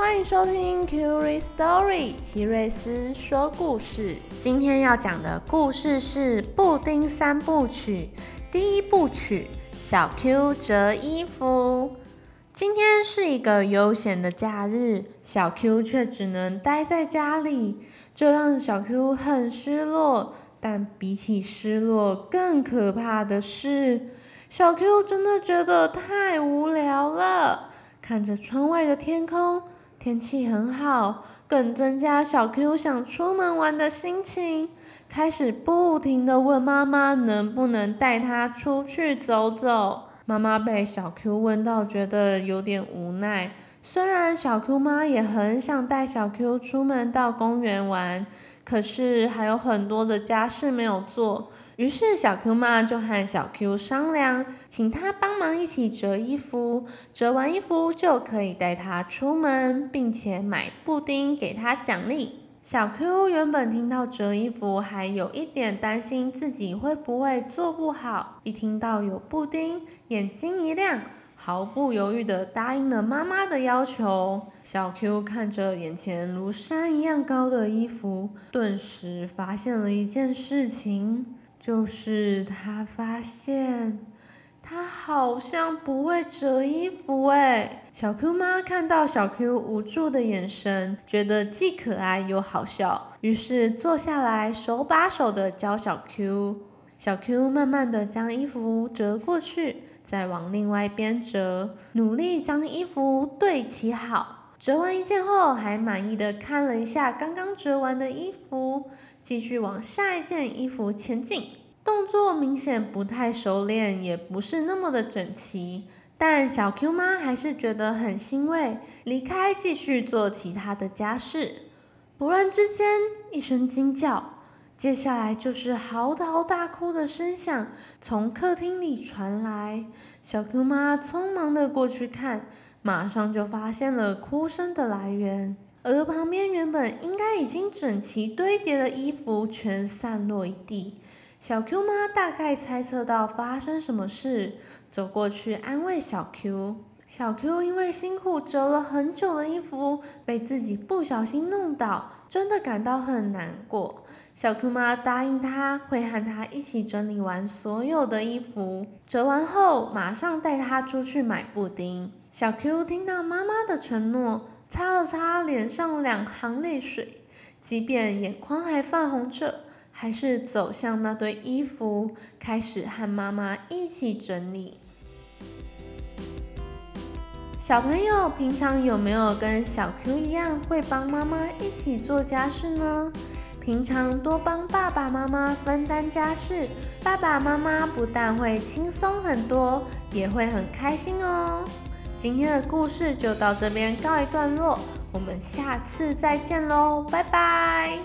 歡迎收聽《Curry Story》，奇瑞斯說故事。今天要講的故事是《布丁三部曲》第一部曲《小 Q 折衣服》。今天是一個悠閒的假日，小 Q 卻只能待在家裡，這讓小 Q 很失落。但比起失落，更可怕的是，小 Q 真的覺得太無聊了。看着窗外的天空。天氣很好，更增加小 Q 想出門玩的心情，開始不停地問媽媽能不能帶他出去走走。媽媽被小 Q 問到，覺得有點無奈。雖然小 Q 媽也很想帶小 Q 出門到公園玩，可是還有很多的家事沒有做。於是小 Q 媽就和小 Q 商量，請她幫忙一起折衣服。折完衣服就可以帶她出門，並且買布丁給她獎勵。小 Q 原本聽到折衣服還有一點擔心自己會不會做不好，一聽到有布丁，眼睛一亮，毫不猶豫地答應了媽媽的要求。小 Q 看着眼前如山一樣高的衣服，頓時發現了一件事情，就是他發現。他好像不會折衣服哎、欸！小 Q 媽看到小 Q 無助的眼神，覺得既可愛又好笑，於是坐下來手把手的教小 Q。小 Q 慢慢的將衣服折過去，再往另外一邊折，努力將衣服對齊好。折完一件後，還滿意的看了一下剛剛折完的衣服，繼續往下一件衣服前進。動作明顯不太熟練，也不是那麼的整齊，但小 Q 媽還是覺得很欣慰。離開，繼續做其他的家事。突然之間，一聲驚叫，接下來就是嚎啕大哭的聲響從客廳裡傳來。小 Q 媽匆忙的過去看，馬上就發現了哭聲的來源，而旁邊原本應該已經整齊堆疊的衣服全散落一地。小 Q 媽大概猜測到發生什麼事，走過去安慰小 Q。小 Q 因為辛苦折了很久的衣服，被自己不小心弄倒，真的感到很難過。小 Q 媽答應他會和他一起整理完所有的衣服，折完後馬上帶他出去買布丁。小 Q 聽到媽媽的承諾，擦了擦了臉上兩行淚水，即便眼眶還泛紅着。還是走向那堆衣服，開始和媽媽一起整理。小朋友平常有沒有跟小 Q 一樣會幫媽媽一起做家事呢？平常多幫爸爸媽媽分擔家事，爸爸媽媽不但會輕鬆很多，也會很開心哦。今天的故事就到這邊告一段落，我們下次再見嘍，拜拜。